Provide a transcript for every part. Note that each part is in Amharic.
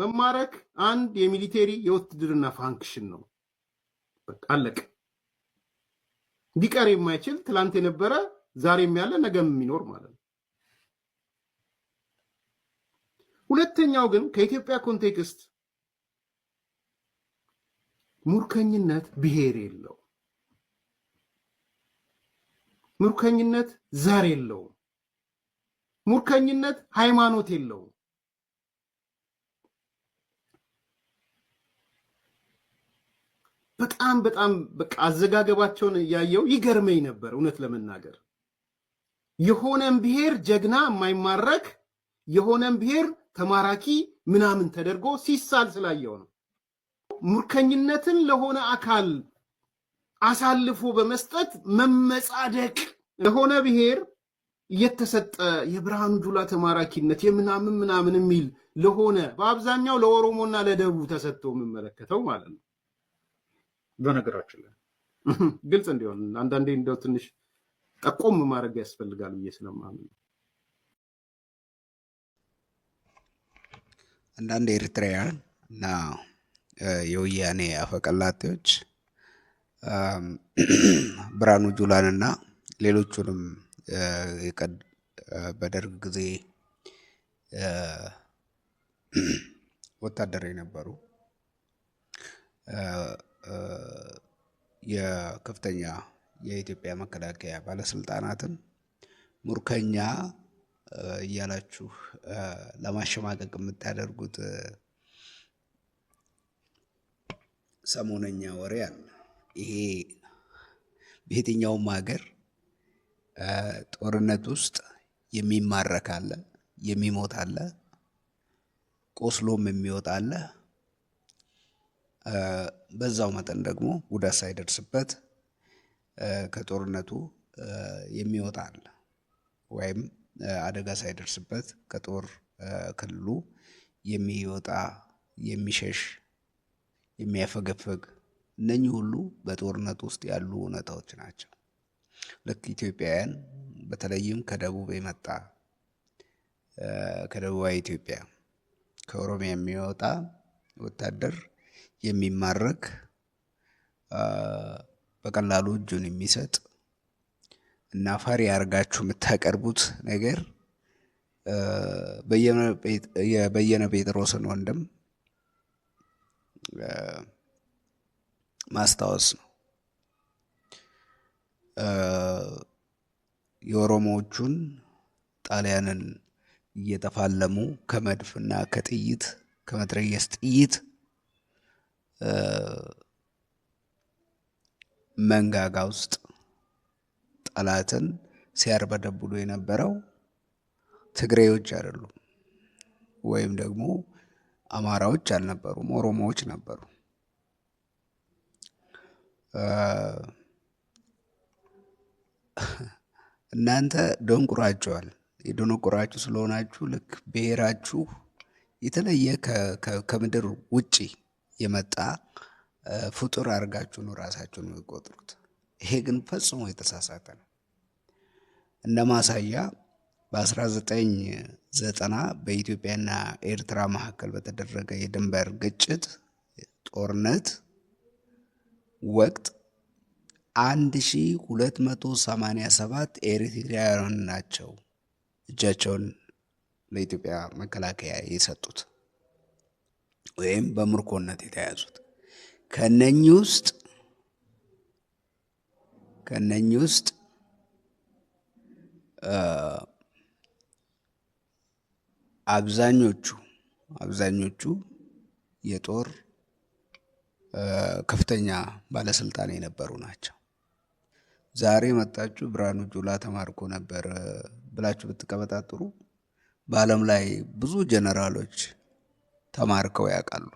መማረክ አንድ የሚሊቴሪ የውትድርና ፋንክሽን ነው። በቃ አለቀ። እንዲቀር የማይችል ትላንት የነበረ ዛሬም ያለ ነገም የሚኖር ማለት ነው። ሁለተኛው ግን ከኢትዮጵያ ኮንቴክስት ሙርከኝነት ብሔር የለው፣ ሙርከኝነት ዘር የለውም፣ ሙርከኝነት ሃይማኖት የለውም። በጣም በጣም በቃ አዘጋገባቸውን እያየው ይገርመኝ ነበር። እውነት ለመናገር የሆነም ብሔር ጀግና የማይማረክ የሆነም ብሔር ተማራኪ ምናምን ተደርጎ ሲሳል ስላየው ነው። ሙርከኝነትን ለሆነ አካል አሳልፎ በመስጠት መመጻደቅ ለሆነ ብሔር እየተሰጠ የብርሃኑ ጁላ ተማራኪነት የምናምን ምናምን የሚል ለሆነ በአብዛኛው ለኦሮሞና ለደቡብ ተሰጥቶ የምመለከተው ማለት ነው። በነገራችን ላይ ግልጽ እንዲሆን አንዳንዴ እንደው ትንሽ ጠቆም ማድረግ ያስፈልጋል ብዬ ስለማምን አንዳንድ ኤርትራውያን እና የወያኔ አፈቀላጤዎች ብርሃኑ ጁላን እና ሌሎቹንም በደርግ ጊዜ ወታደር የነበሩ የከፍተኛ የኢትዮጵያ መከላከያ ባለስልጣናትን ሙርከኛ እያላችሁ ለማሸማቀቅ የምታደርጉት ሰሞነኛ ወሬ አለ። ይሄ በየትኛውም ሀገር ጦርነት ውስጥ የሚማረክ አለ፣ የሚሞት አለ፣ ቆስሎም የሚወጣ አለ። በዛው መጠን ደግሞ ጉዳት ሳይደርስበት ከጦርነቱ የሚወጣ አለ ወይም አደጋ ሳይደርስበት ከጦር ክልሉ የሚወጣ የሚሸሽ የሚያፈገፈግ እነኚህ ሁሉ በጦርነት ውስጥ ያሉ እውነታዎች ናቸው። ልክ ኢትዮጵያውያን በተለይም ከደቡብ የመጣ ከደቡባዊ ኢትዮጵያ ከኦሮሚያ የሚወጣ ወታደር የሚማረክ በቀላሉ እጁን የሚሰጥ እና ፈሪ አድርጋችሁ የምታቀርቡት ነገር የበየነ ጴጥሮስን ወንድም ማስታወስ ነው። የኦሮሞዎቹን ጣሊያንን እየተፋለሙ ከመድፍና ከጥይት ከመትረየስ ጥይት መንጋጋ ውስጥ ጠላትን ሲያርበደብሉ የነበረው ትግሬዎች አይደሉም፣ ወይም ደግሞ አማራዎች አልነበሩም፣ ኦሮሞዎች ነበሩ። እናንተ ደንቁራችኋል። የደነቁራችሁ ስለሆናችሁ ልክ ብሔራችሁ የተለየ ከምድር ውጪ የመጣ ፍጡር አድርጋችሁ ነው ራሳችሁን የሚቆጥሩት። ይሄ ግን ፈጽሞ የተሳሳተ ነው። እንደ ማሳያ በ1990 በኢትዮጵያና ኤርትራ መካከል በተደረገ የድንበር ግጭት ጦርነት ወቅት 1287 ኤሪትሪያውያን ናቸው እጃቸውን ለኢትዮጵያ መከላከያ የሰጡት። ወይም በምርኮነት የተያዙት ከነኚህ ውስጥ ከነኚህ ውስጥ አብዛኞቹ አብዛኞቹ የጦር ከፍተኛ ባለስልጣን የነበሩ ናቸው። ዛሬ መጣችሁ ብርሃኑ ጁላ ተማርኮ ነበር ብላችሁ ብትቀበጣጥሩ በዓለም ላይ ብዙ ጀነራሎች ተማርከው ያውቃሉ።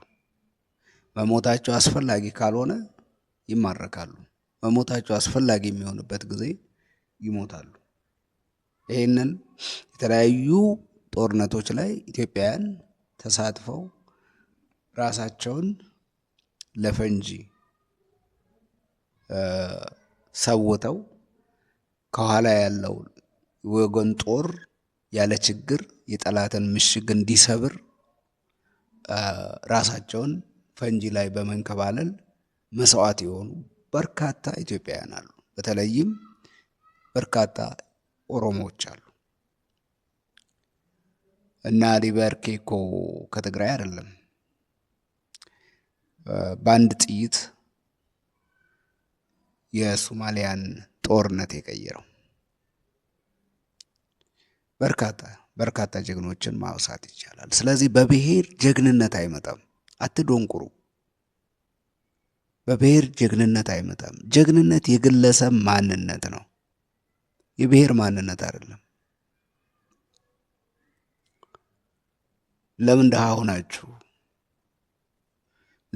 መሞታቸው አስፈላጊ ካልሆነ ይማረካሉ። መሞታቸው አስፈላጊ የሚሆንበት ጊዜ ይሞታሉ። ይህንን የተለያዩ ጦርነቶች ላይ ኢትዮጵያውያን ተሳትፈው ራሳቸውን ለፈንጂ ሰውተው ከኋላ ያለው ወገን ጦር ያለ ችግር የጠላትን ምሽግ እንዲሰብር ራሳቸውን ፈንጂ ላይ በመንከባለል መስዋዕት የሆኑ በርካታ ኢትዮጵያውያን አሉ። በተለይም በርካታ ኦሮሞዎች አሉ እና ሊበርኬ ኬኮ ከትግራይ አይደለም። በአንድ ጥይት የሶማሊያን ጦርነት የቀየረው በርካታ በርካታ ጀግኖችን ማውሳት ይቻላል። ስለዚህ በብሔር ጀግንነት አይመጣም። አትዶንቁሩ። በብሔር ጀግንነት አይመጣም። ጀግንነት የግለሰብ ማንነት ነው፣ የብሔር ማንነት አይደለም። ለምን ድሃ ሆናችሁ?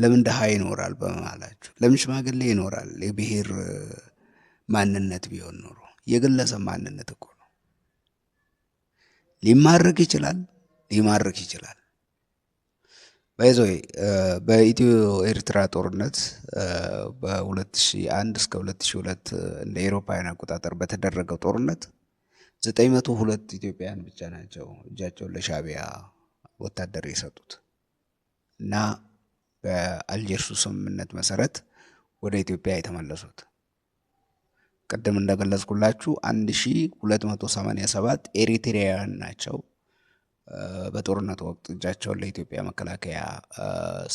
ለምን ድሃ ይኖራል በመሃላችሁ? ለምን ሽማግሌ ይኖራል? የብሔር ማንነት ቢሆን ኖሮ የግለሰብ ማንነት እኮ ሊማርክ ይችላል ሊማርክ ይችላል። በይዞ uh, በኢትዮ ኤርትራ ጦርነት uh, በ2001 እስከ 2002 uh, እንደ ኤሮፓውያን አቆጣጠር በተደረገው ጦርነት 902 ኢትዮጵያውያን ብቻ ናቸው እጃቸውን ለሻቢያ ወታደር የሰጡት እና በአልጀርሱ ስምምነት መሰረት ወደ ኢትዮጵያ የተመለሱት ቅድም እንደገለጽኩላችሁ 1287 ኤሪትሪያውያን ናቸው በጦርነቱ ወቅት እጃቸውን ለኢትዮጵያ መከላከያ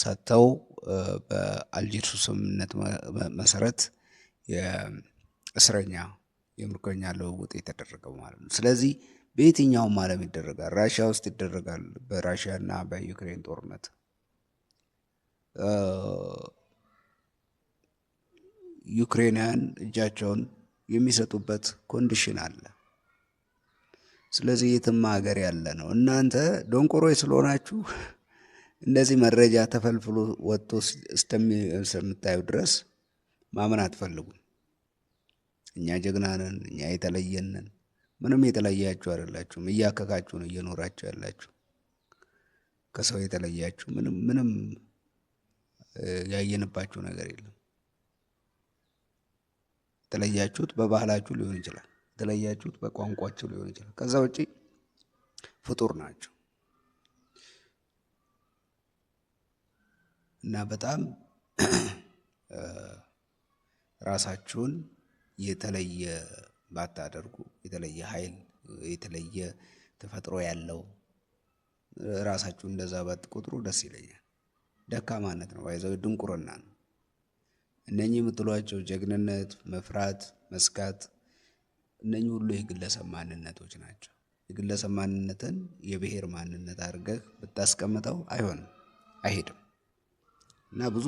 ሰጥተው በአልጀርሱ ስምምነት መሰረት የእስረኛ የምርኮኛ ልውውጥ የተደረገው ማለት ነው። ስለዚህ በየትኛውም ዓለም ይደረጋል። ራሽያ ውስጥ ይደረጋል። በራሽያ እና በዩክሬን ጦርነት ዩክሬንያን እጃቸውን የሚሰጡበት ኮንዲሽን አለ። ስለዚህ የትም ሀገር ያለ ነው። እናንተ ዶንቆሮች ስለሆናችሁ እንደዚህ መረጃ ተፈልፍሎ ወጥቶ እስከምታዩ ድረስ ማመን አትፈልጉም። እኛ ጀግና ነን፣ እኛ የተለየን ነን። ምንም የተለያችሁ አይደላችሁም። እያከካችሁ ነው እየኖራችሁ ያላችሁ። ከሰው የተለያችሁ ምንም ምንም ያየንባችሁ ነገር የለም። የተለያችሁት በባህላችሁ ሊሆን ይችላል። የተለያችሁት በቋንቋችሁ ሊሆን ይችላል። ከዛ ውጪ ፍጡር ናቸው እና በጣም ራሳችሁን የተለየ ባታደርጉ የተለየ ኃይል የተለየ ተፈጥሮ ያለው ራሳችሁ እንደዛ ባትቆጥሩ ደስ ይለኛል። ደካማነት ነው፣ ባይዛዊ ድንቁርና ነው። እነኚህ የምትሏቸው ጀግንነት፣ መፍራት፣ መስጋት እነኚህ ሁሉ የግለሰብ ማንነቶች ናቸው። የግለሰብ ማንነትን የብሔር ማንነት አድርገህ ብታስቀምጠው አይሆንም፣ አይሄድም እና ብዙ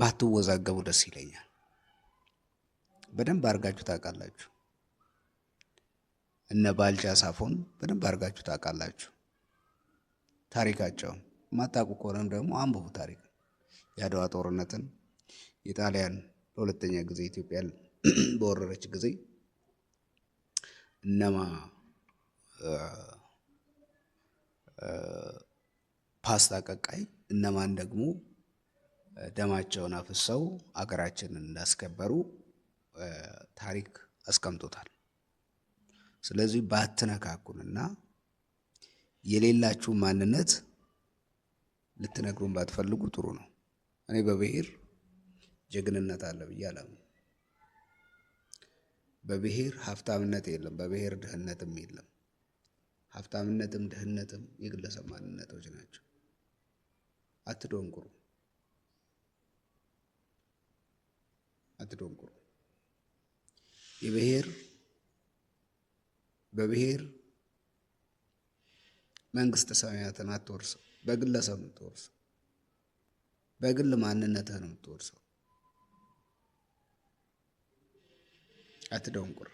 ባትወዛገቡ ደስ ይለኛል። በደንብ አድርጋችሁ ታውቃላችሁ። እነ ባልቻ ሳፎን በደንብ አድርጋችሁ ታውቃላችሁ ታሪካቸው። ማታውቁ ከሆነም ደግሞ አንብቡ ታሪክ የአድዋ ጦርነትን የጣሊያን ለሁለተኛ ጊዜ ኢትዮጵያን በወረረች ጊዜ እነማ ፓስታ ቀቃይ እነማን ደግሞ ደማቸውን አፍሰው አገራችንን እንዳስከበሩ ታሪክ አስቀምጦታል። ስለዚህ ባትነካኩንና የሌላችሁ ማንነት ልትነግሩን ባትፈልጉ ጥሩ ነው። እኔ በብሔር ጀግንነት አለ ብዬ በብሔር ሀብታምነት የለም፣ በብሔር ድህነትም የለም። ሀብታምነትም ድህነትም የግለሰብ ማንነቶች ናቸው። አትዶንቁሩ፣ አትዶንቁሩ። የብሔር በብሔር መንግስተ ሰማያትን አትወርስም፣ በግለሰብ ነው በግል ማንነትህ ነው የምትወርሰው። አትደንቁር።